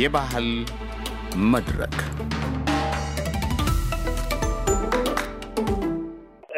የባህል መድረክ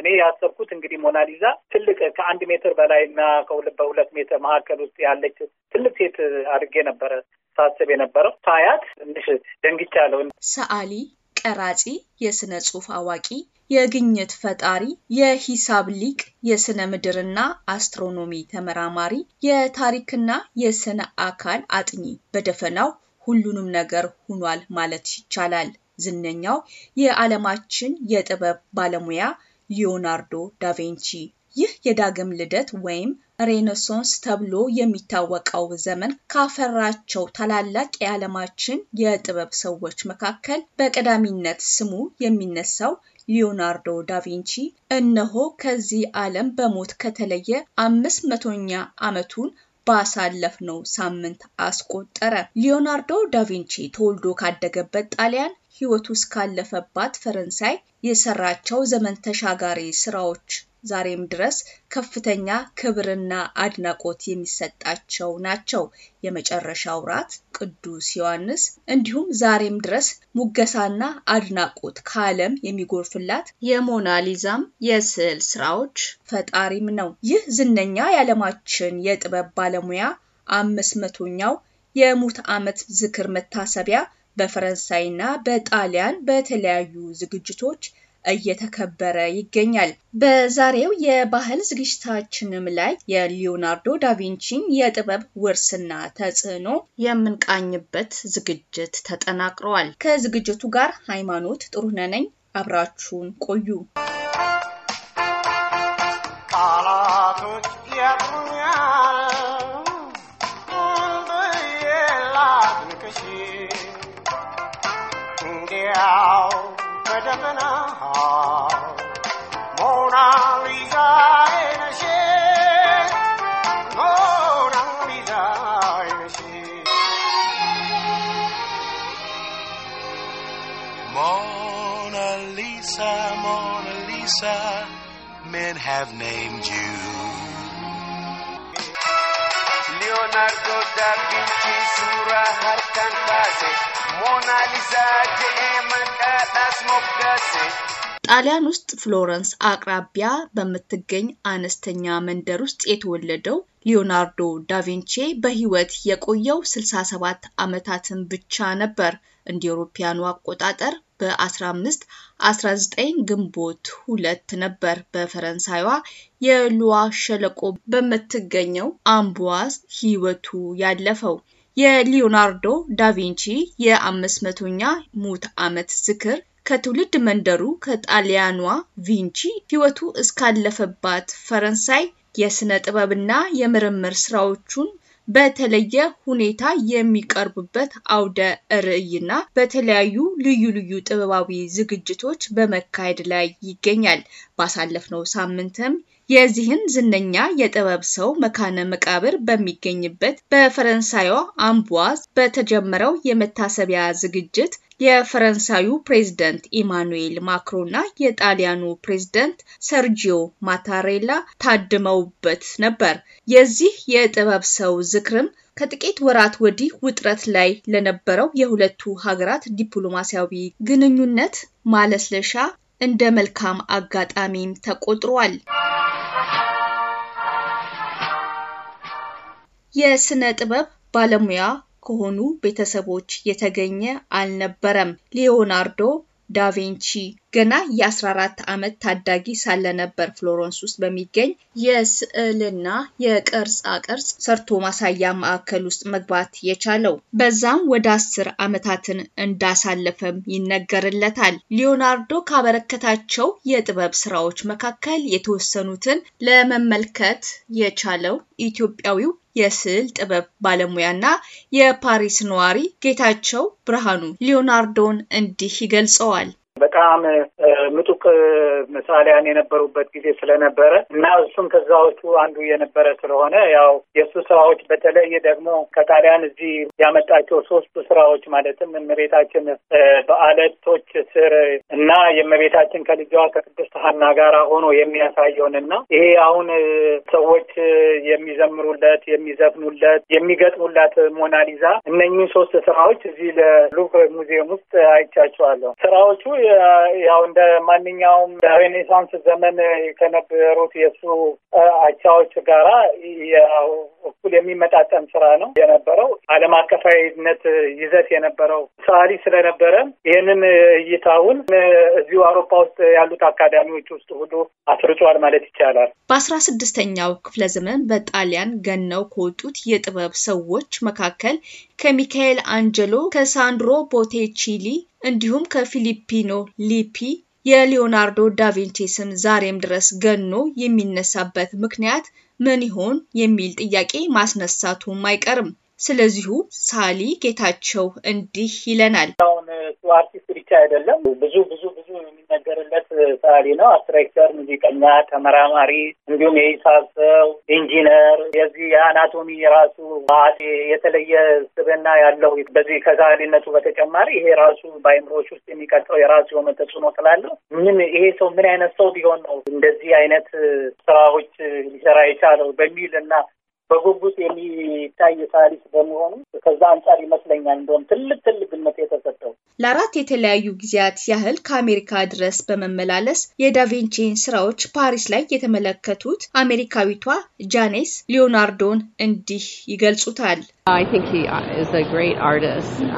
እኔ ያሰብኩት እንግዲህ ሞናሊዛ ትልቅ ከአንድ ሜትር በላይ እና ከሁለት በሁለት ሜትር መካከል ውስጥ ያለች ትልቅ ሴት አድርጌ ነበረ ሳስብ የነበረው። ሳያት ትንሽ ደንግጫለሁ። ሰዓሊ፣ ቀራጺ፣ የስነ ጽሁፍ አዋቂ፣ የግኝት ፈጣሪ፣ የሂሳብ ሊቅ፣ የስነ ምድርና አስትሮኖሚ ተመራማሪ፣ የታሪክና የስነ አካል አጥኚ በደፈናው ሁሉንም ነገር ሁኗል ማለት ይቻላል። ዝነኛው የዓለማችን የጥበብ ባለሙያ ሊዮናርዶ ዳቬንቺ ይህ የዳግም ልደት ወይም ሬኔሶንስ ተብሎ የሚታወቀው ዘመን ካፈራቸው ታላላቅ የዓለማችን የጥበብ ሰዎች መካከል በቀዳሚነት ስሙ የሚነሳው ሊዮናርዶ ዳቪንቺ እነሆ ከዚህ ዓለም በሞት ከተለየ አምስት መቶኛ ዓመቱን ባሳለፍነው ሳምንት አስቆጠረ። ሊዮናርዶ ዳቪንቺ ተወልዶ ካደገበት ጣሊያን ሕይወቱ እስካለፈባት ፈረንሳይ የሰራቸው ዘመን ተሻጋሪ ስራዎች ዛሬም ድረስ ከፍተኛ ክብርና አድናቆት የሚሰጣቸው ናቸው። የመጨረሻው ራት ቅዱስ ዮሐንስ እንዲሁም ዛሬም ድረስ ሙገሳና አድናቆት ከዓለም የሚጎርፍላት የሞናሊዛም የስዕል ስራዎች ፈጣሪም ነው። ይህ ዝነኛ የዓለማችን የጥበብ ባለሙያ አምስት መቶኛው የሙት ዓመት ዝክር መታሰቢያ በፈረንሳይና በጣሊያን በተለያዩ ዝግጅቶች እየተከበረ ይገኛል። በዛሬው የባህል ዝግጅታችንም ላይ የሊዮናርዶ ዳቪንቺን የጥበብ ውርስና ተጽዕኖ የምንቃኝበት ዝግጅት ተጠናቅረዋል። ከዝግጅቱ ጋር ሃይማኖት ጥሩነህ ነኝ። አብራችሁን ቆዩ። ቃላቶች men have named you. Leonardo da Vinci, Sura Harkan Mona Lisa, J.M. and Atlas Mokase. ጣሊያን ውስጥ ፍሎረንስ አቅራቢያ በምትገኝ አነስተኛ መንደር ውስጥ የተወለደው ሊዮናርዶ ዳቪንቺ በሕይወት የቆየው 67 ዓመታትን ብቻ ነበር። እንደ አውሮፓውያኑ አቆጣጠር በ1519 ግንቦት ሁለት ነበር በፈረንሳይዋ የሉዋ ሸለቆ በምትገኘው አምቧዝ ሕይወቱ ያለፈው። የሊዮናርዶ ዳቪንቺ የ500ኛ ሙት ዓመት ዝክር ከትውልድ መንደሩ ከጣሊያኗ ቪንቺ ሕይወቱ እስካለፈባት ፈረንሳይ የሥነ ጥበብና የምርምር ሥራዎቹን በተለየ ሁኔታ የሚቀርቡበት አውደ ርዕይና በተለያዩ ልዩ ልዩ ጥበባዊ ዝግጅቶች በመካሄድ ላይ ይገኛል። ባሳለፍነው ሳምንትም የዚህን ዝነኛ የጥበብ ሰው መካነ መቃብር በሚገኝበት በፈረንሳይዋ አምቧዝ በተጀመረው የመታሰቢያ ዝግጅት የፈረንሳዩ ፕሬዝደንት ኢማኑኤል ማክሮንና የጣሊያኑ ፕሬዝደንት ሰርጂዮ ማታሬላ ታድመውበት ነበር። የዚህ የጥበብ ሰው ዝክርም ከጥቂት ወራት ወዲህ ውጥረት ላይ ለነበረው የሁለቱ ሀገራት ዲፕሎማሲያዊ ግንኙነት ማለስለሻ እንደ መልካም አጋጣሚም ተቆጥሯል። የስነ ጥበብ ባለሙያ ከሆኑ ቤተሰቦች የተገኘ አልነበረም። ሊዮናርዶ ዳቪንቺ ገና የ14 ዓመት ታዳጊ ሳለ ነበር ፍሎረንስ ውስጥ በሚገኝ የስዕልና የቅርጻ ቅርጽ ሰርቶ ማሳያ ማዕከል ውስጥ መግባት የቻለው። በዛም ወደ አስር ዓመታትን እንዳሳለፈም ይነገርለታል። ሊዮናርዶ ካበረከታቸው የጥበብ ስራዎች መካከል የተወሰኑትን ለመመልከት የቻለው ኢትዮጵያዊው የስዕል ጥበብ ባለሙያና የፓሪስ ነዋሪ ጌታቸው ብርሃኑ ሊዮናርዶን እንዲህ ይገልጸዋል። በጣም ምጡቅ ምሳሌያን የነበሩበት ጊዜ ስለነበረ እና እሱም ከዛዎቹ አንዱ የነበረ ስለሆነ ያው የእሱ ስራዎች በተለይ ደግሞ ከጣሊያን እዚህ ያመጣቸው ሶስቱ ስራዎች ማለትም እመቤታችን በአለቶች ስር እና የእመቤታችን ከልጇ ከቅድስት ሐና ጋር ሆኖ የሚያሳየውን ይሄ አሁን ሰዎች የሚዘምሩለት፣ የሚዘፍኑለት፣ የሚገጥሙላት ሞናሊዛ እነኚህ ሶስት ስራዎች እዚህ ለሉቭር ሙዚየም ውስጥ አይቻቸዋለሁ። ስራዎቹ ያው እንደ ማንኛውም ሬኔሳንስ ዘመን ከነበሩት የእሱ አቻዎች ጋራ እኩል የሚመጣጠን ስራ ነው የነበረው። ዓለም አቀፋዊነት ይዘት የነበረው ሰዓሊ ስለነበረ ይህንን እይታውን እዚሁ አውሮፓ ውስጥ ያሉት አካዳሚዎች ውስጥ ሁሉ አስርጿል ማለት ይቻላል። በአስራ ስድስተኛው ክፍለ ዘመን በጣሊያን ገነው ከወጡት የጥበብ ሰዎች መካከል ከሚካኤል አንጀሎ፣ ከሳንድሮ ቦቴቺሊ እንዲሁም ከፊሊፒኖ ሊፒ የሊዮናርዶ ዳቪንቺ ስም ዛሬም ድረስ ገኖ የሚነሳበት ምክንያት ምን ይሆን የሚል ጥያቄ ማስነሳቱም አይቀርም። ስለዚሁ ሳሊ ጌታቸው እንዲህ ይለናል። አሁን እሱ አርቲስት ብቻ አይደለም። ብዙ ብዙ ብዙ የሚነገርለት ሰዓሊ ነው፣ አስትራክቸር ሙዚቀኛ፣ ተመራማሪ እንዲሁም የሂሳብ ሰው፣ ኢንጂነር የዚህ የአናቶሚ የራሱ ማዕት የተለየ ስብና ያለው በዚህ ከሰዓሊነቱ በተጨማሪ ይሄ ራሱ በአይምሮች ውስጥ የሚቀጥለው የራሱ የሆነ ተጽዕኖ ስላለው ምን ይሄ ሰው ምን አይነት ሰው ቢሆን ነው እንደዚህ አይነት ስራዎች ሊሰራ የቻለው በሚል እና በጉጉት የሚታይ ታሪክ በመሆኑ ከዛ አንጻር ይመስለኛል እንደውም ትልቅ ትልቅነት የተሰጠው። ለአራት የተለያዩ ጊዜያት ያህል ከአሜሪካ ድረስ በመመላለስ የዳቪንቺን ስራዎች ፓሪስ ላይ የተመለከቱት አሜሪካዊቷ ጃኔስ ሊዮናርዶን እንዲህ ይገልጹታል። uh,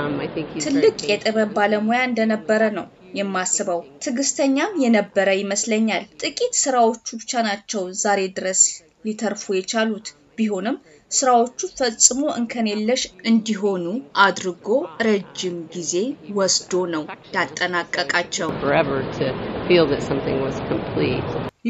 um, ትልቅ የጥበብ ባለሙያ እንደነበረ ነው የማስበው። ትዕግስተኛም የነበረ ይመስለኛል። ጥቂት ስራዎቹ ብቻ ናቸው ዛሬ ድረስ ሊተርፉ የቻሉት ቢሆንም ስራዎቹ ፈጽሞ እንከን የለሽ እንዲሆኑ አድርጎ ረጅም ጊዜ ወስዶ ነው ያጠናቀቃቸው።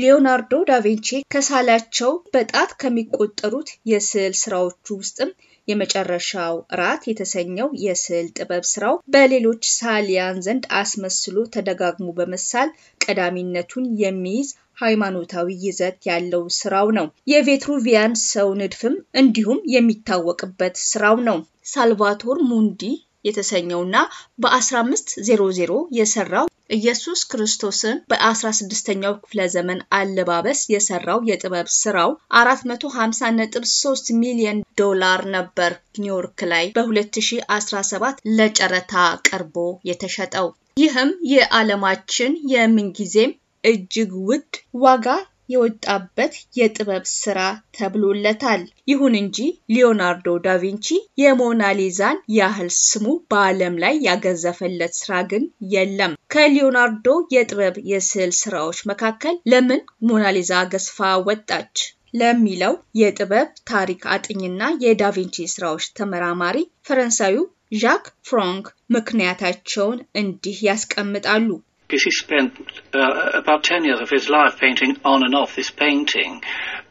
ሊዮናርዶ ዳቪንቺ ከሳላቸው በጣት ከሚቆጠሩት የስዕል ስራዎቹ ውስጥም የመጨረሻው ራት የተሰኘው የስዕል ጥበብ ስራው በሌሎች ሳሊያን ዘንድ አስመስሎ ተደጋግሞ በመሳል ቀዳሚነቱን የሚይዝ ሃይማኖታዊ ይዘት ያለው ስራው ነው። የቬትሩቪያን ሰው ንድፍም እንዲሁም የሚታወቅበት ስራው ነው። ሳልቫቶር ሙንዲ የተሰኘውና በ1500 የሰራው ኢየሱስ ክርስቶስን በ16ኛው ክፍለ ዘመን አለባበስ የሰራው የጥበብ ስራው 453 ሚሊዮን ዶላር ነበር ኒውዮርክ ላይ በ2017 ለጨረታ ቀርቦ የተሸጠው። ይህም የዓለማችን የምንጊዜም እጅግ ውድ ዋጋ የወጣበት የጥበብ ስራ ተብሎለታል። ይሁን እንጂ ሊዮናርዶ ዳቪንቺ የሞናሊዛን ያህል ስሙ በዓለም ላይ ያገዘፈለት ስራ ግን የለም። ከሊዮናርዶ የጥበብ የስዕል ስራዎች መካከል ለምን ሞናሊዛ ገዝፋ ወጣች ለሚለው የጥበብ ታሪክ አጥኝና የዳቪንቺ ስራዎች ተመራማሪ ፈረንሳዩ ዣክ ፍራንክ ምክንያታቸውን እንዲህ ያስቀምጣሉ። because he spent uh, about 10 years of his life painting on and off this painting.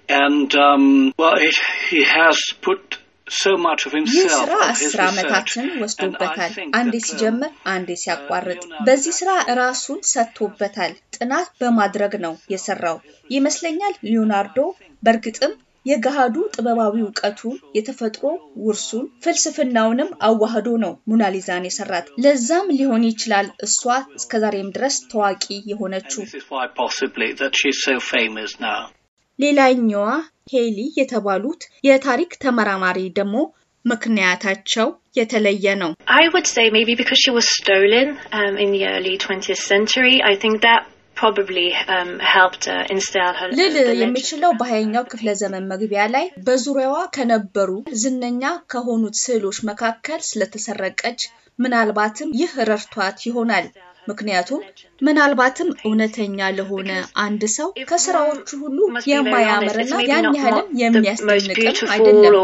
And, um, well, it, he has put ይህ ስራ አስር ዓመታትን ወስዶበታል። አንዴ ሲጀምር አንዴ ሲያቋርጥ፣ በዚህ ስራ ራሱን ሰጥቶበታል። ጥናት በማድረግ ነው የሰራው ይመስለኛል። ሊዮናርዶ በእርግጥም የገሃዱ ጥበባዊ እውቀቱን የተፈጥሮ ውርሱን ፍልስፍናውንም አዋህዶ ነው ሞናሊዛን የሰራት። ለዛም ሊሆን ይችላል እሷ እስከዛሬም ድረስ ታዋቂ የሆነችው። ሌላኛዋ ሄሊ የተባሉት የታሪክ ተመራማሪ ደግሞ ምክንያታቸው የተለየ ነው። Um, uh, ልል የሚችለው በሀያኛው ክፍለ ዘመን መግቢያ ላይ በዙሪያዋ ከነበሩ ዝነኛ ከሆኑት ስዕሎች መካከል ስለተሰረቀች ምናልባትም ይህ ረድቷት ይሆናል። ምክንያቱም ምናልባትም እውነተኛ ለሆነ አንድ ሰው ከስራዎቹ ሁሉ የማያምርና ያን ያህልም የሚያስደንቅም አይደለም።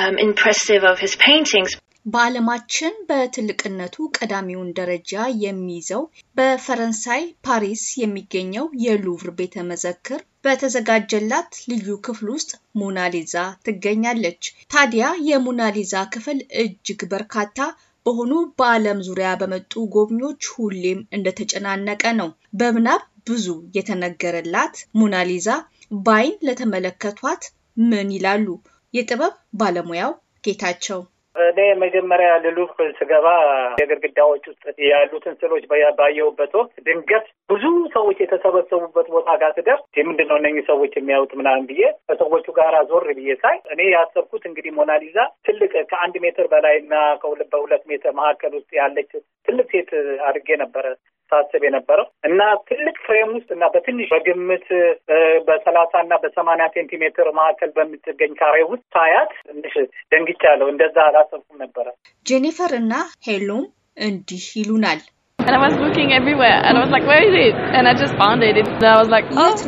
um, በዓለማችን በትልቅነቱ ቀዳሚውን ደረጃ የሚይዘው በፈረንሳይ ፓሪስ የሚገኘው የሉቭር ቤተ መዘክር በተዘጋጀላት ልዩ ክፍል ውስጥ ሞናሊዛ ትገኛለች። ታዲያ የሞናሊዛ ክፍል እጅግ በርካታ በሆኑ በዓለም ዙሪያ በመጡ ጎብኚዎች ሁሌም እንደተጨናነቀ ነው። በምናብ ብዙ የተነገረላት ሞናሊዛ በዓይን ለተመለከቷት ምን ይላሉ? የጥበብ ባለሙያው ጌታቸው እኔ መጀመሪያ ልሉፍ ስገባ የግድግዳዎች ውስጥ ያሉትን ስዕሎች ባየሁበት ወቅት ድንገት ብዙ ሰዎች የተሰበሰቡበት ቦታ ጋር ስደርስ ምንድን ነው እነኝህ ሰዎች የሚያዩት ምናምን ብዬ ከሰዎቹ ጋር ዞር ብዬ ሳይ እኔ ያሰብኩት እንግዲህ ሞናሊዛ ትልቅ ከአንድ ሜትር በላይ እና ከሁለት በሁለት ሜትር መካከል ውስጥ ያለች ትልቅ ሴት አድርጌ ነበረ ሳስብ የነበረው እና ትልቅ ፍሬም ውስጥ እና በትንሽ በግምት በሰላሳ እና በሰማንያ ሴንቲሜትር መካከል በምትገኝ ካሬ ውስጥ ታያት ትንሽ ደንግጫለሁ። እንደዛ አላሰብኩም ነበረ። ጄኒፈር እና ሄሎም እንዲህ ይሉናል። የት ነው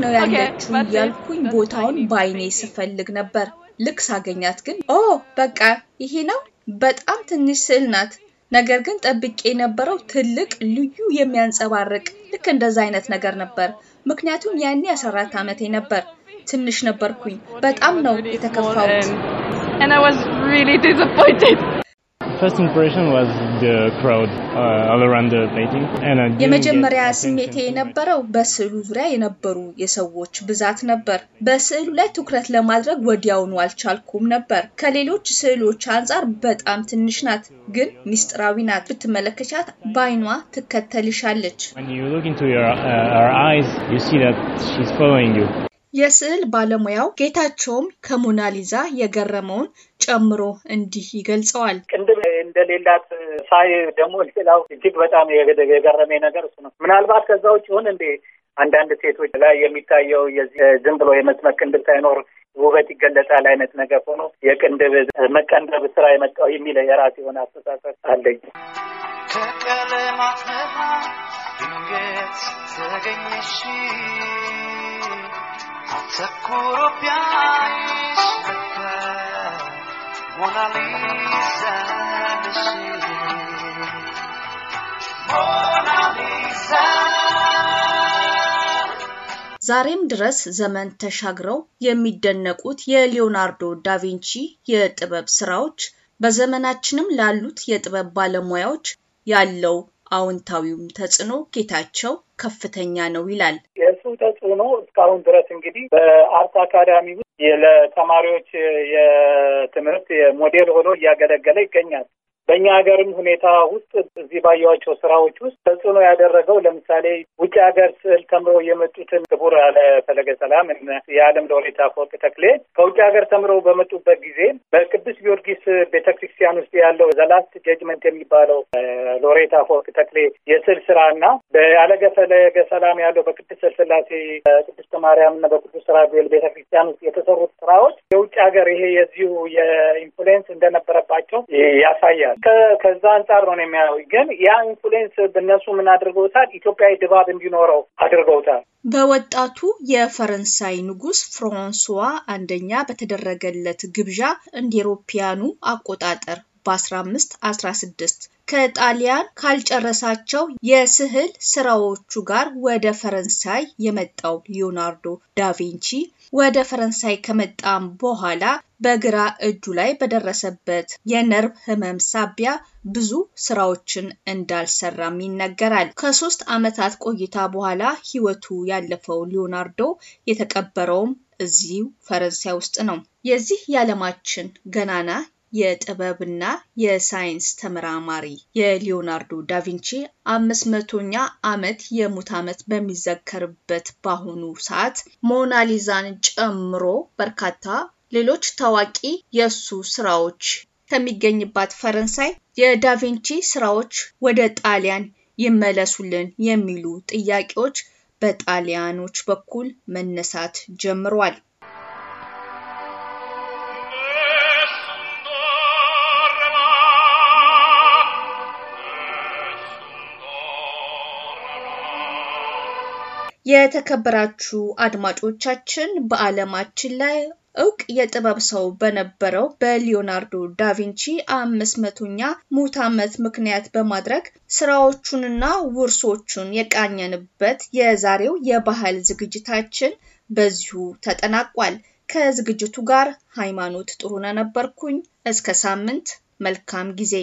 oh, ያለችው ያልኩኝ ቦታውን በአይኔ ስፈልግ ነበር። ልክ ሳገኛት ግን ኦ oh, በቃ ይሄ ነው። በጣም ትንሽ ስዕል ናት። ነገር ግን ጠብቄ የነበረው ትልቅ ልዩ የሚያንጸባርቅ ልክ እንደዛ አይነት ነገር ነበር። ምክንያቱም ያኔ 14 ዓመቴ ነበር። ትንሽ ነበርኩኝ። በጣም ነው የተከፋሁት። Uh, የመጀመሪያ ስሜቴ የነበረው በስዕሉ ዙሪያ የነበሩ የሰዎች ብዛት ነበር። በስዕሉ ላይ ትኩረት ለማድረግ ወዲያውኑ አልቻልኩም ነበር። ከሌሎች ስዕሎች አንጻር በጣም ትንሽ ናት፣ ግን ሚስጥራዊ ናት። ብትመለከቻት በአይኗ ትከተልሻለች። የስዕል ባለሙያው ጌታቸውም ከሞናሊዛ የገረመውን ጨምሮ እንዲህ ይገልጸዋል። ቅንድብ እንደሌላት ሳይ ደግሞ ሌላው እጅግ በጣም የገረመኝ ነገር እሱ ነው። ምናልባት ከዛ ውጭ ይሁን እንዴ አንዳንድ ሴቶች ላይ የሚታየው የዚህ ዝም ብሎ የመስመር ቅንድብ ሳይኖር ውበት ይገለጣል አይነት ነገር ሆኖ የቅንድብ መቀንደብ ስራ የመጣው የሚለ የራሴ የሆነ አስተሳሰብ አለኝ። ከቀለማት ድንገት ተገኘሽ ዛሬም ድረስ ዘመን ተሻግረው የሚደነቁት የሊዮናርዶ ዳቪንቺ የጥበብ ስራዎች በዘመናችንም ላሉት የጥበብ ባለሙያዎች ያለው አዎንታዊውም ተጽዕኖ ጌታቸው ከፍተኛ ነው ይላል። ተጽዕኖ እስካሁን ድረስ እንግዲህ በአርት አካዳሚ ውስጥ ለተማሪዎች የትምህርት ሞዴል ሆኖ እያገለገለ ይገኛል። በእኛ ሀገርም ሁኔታ ውስጥ እዚህ ባየዋቸው ስራዎች ውስጥ ተጽዕኖ ያደረገው ለምሳሌ ውጭ ሀገር ስዕል ተምረው የመጡትን ክቡር አለ ፈለገ ሰላም የዓለም ሎሬት አፈወርቅ ተክሌ ከውጭ ሀገር ተምረው በመጡበት ጊዜ በቅዱስ ጊዮርጊስ ቤተ ክርስቲያን ውስጥ ያለው ዘላስት ጀጅመንት የሚባለው ሎሬት አፈወርቅ ተክሌ የስዕል ስራ እና በአለገ ፈለገ ሰላም ያለው በቅዱስ ስላሴ በቅዱስ ማርያም እና በቅዱስ ራጉኤል ቤተ ክርስቲያን ውስጥ የተሰሩት ስራዎች የውጭ ሀገር ይሄ የዚሁ የኢንፍሉዌንስ እንደነበረባቸው ያሳያል። ከዛ አንጻር ነው የሚያው። ግን ያ ኢንፍሉዌንስ በእነሱ ምን አድርገውታል? ኢትዮጵያዊ ድባብ እንዲኖረው አድርገውታል። በወጣቱ የፈረንሳይ ንጉስ ፍራንሷ አንደኛ በተደረገለት ግብዣ እንደ ኤሮፒያኑ አቆጣጠር በ1516 ከጣሊያን ካልጨረሳቸው የስዕል ስራዎቹ ጋር ወደ ፈረንሳይ የመጣው ሊዮናርዶ ዳቪንቺ ወደ ፈረንሳይ ከመጣም በኋላ በግራ እጁ ላይ በደረሰበት የነርቭ ህመም ሳቢያ ብዙ ስራዎችን እንዳልሰራም ይነገራል። ከሶስት ዓመታት ቆይታ በኋላ ህይወቱ ያለፈው ሊዮናርዶ የተቀበረውም እዚሁ ፈረንሳይ ውስጥ ነው። የዚህ የዓለማችን ገናና የጥበብና የሳይንስ ተመራማሪ የሊዮናርዶ ዳቪንቺ አምስት መቶኛ ዓመት የሙት ዓመት በሚዘከርበት በአሁኑ ሰዓት ሞናሊዛን ጨምሮ በርካታ ሌሎች ታዋቂ የእሱ ስራዎች ከሚገኝባት ፈረንሳይ የዳቪንቺ ስራዎች ወደ ጣሊያን ይመለሱልን የሚሉ ጥያቄዎች በጣሊያኖች በኩል መነሳት ጀምሯል። የተከበራችሁ አድማጮቻችን በዓለማችን ላይ እውቅ የጥበብ ሰው በነበረው በሊዮናርዶ ዳቪንቺ አምስት መቶኛ ሙት ዓመት ምክንያት በማድረግ ስራዎቹንና ውርሶቹን የቃኘንበት የዛሬው የባህል ዝግጅታችን በዚሁ ተጠናቋል። ከዝግጅቱ ጋር ሃይማኖት ጥሩነህ ነበርኩኝ። እስከ ሳምንት መልካም ጊዜ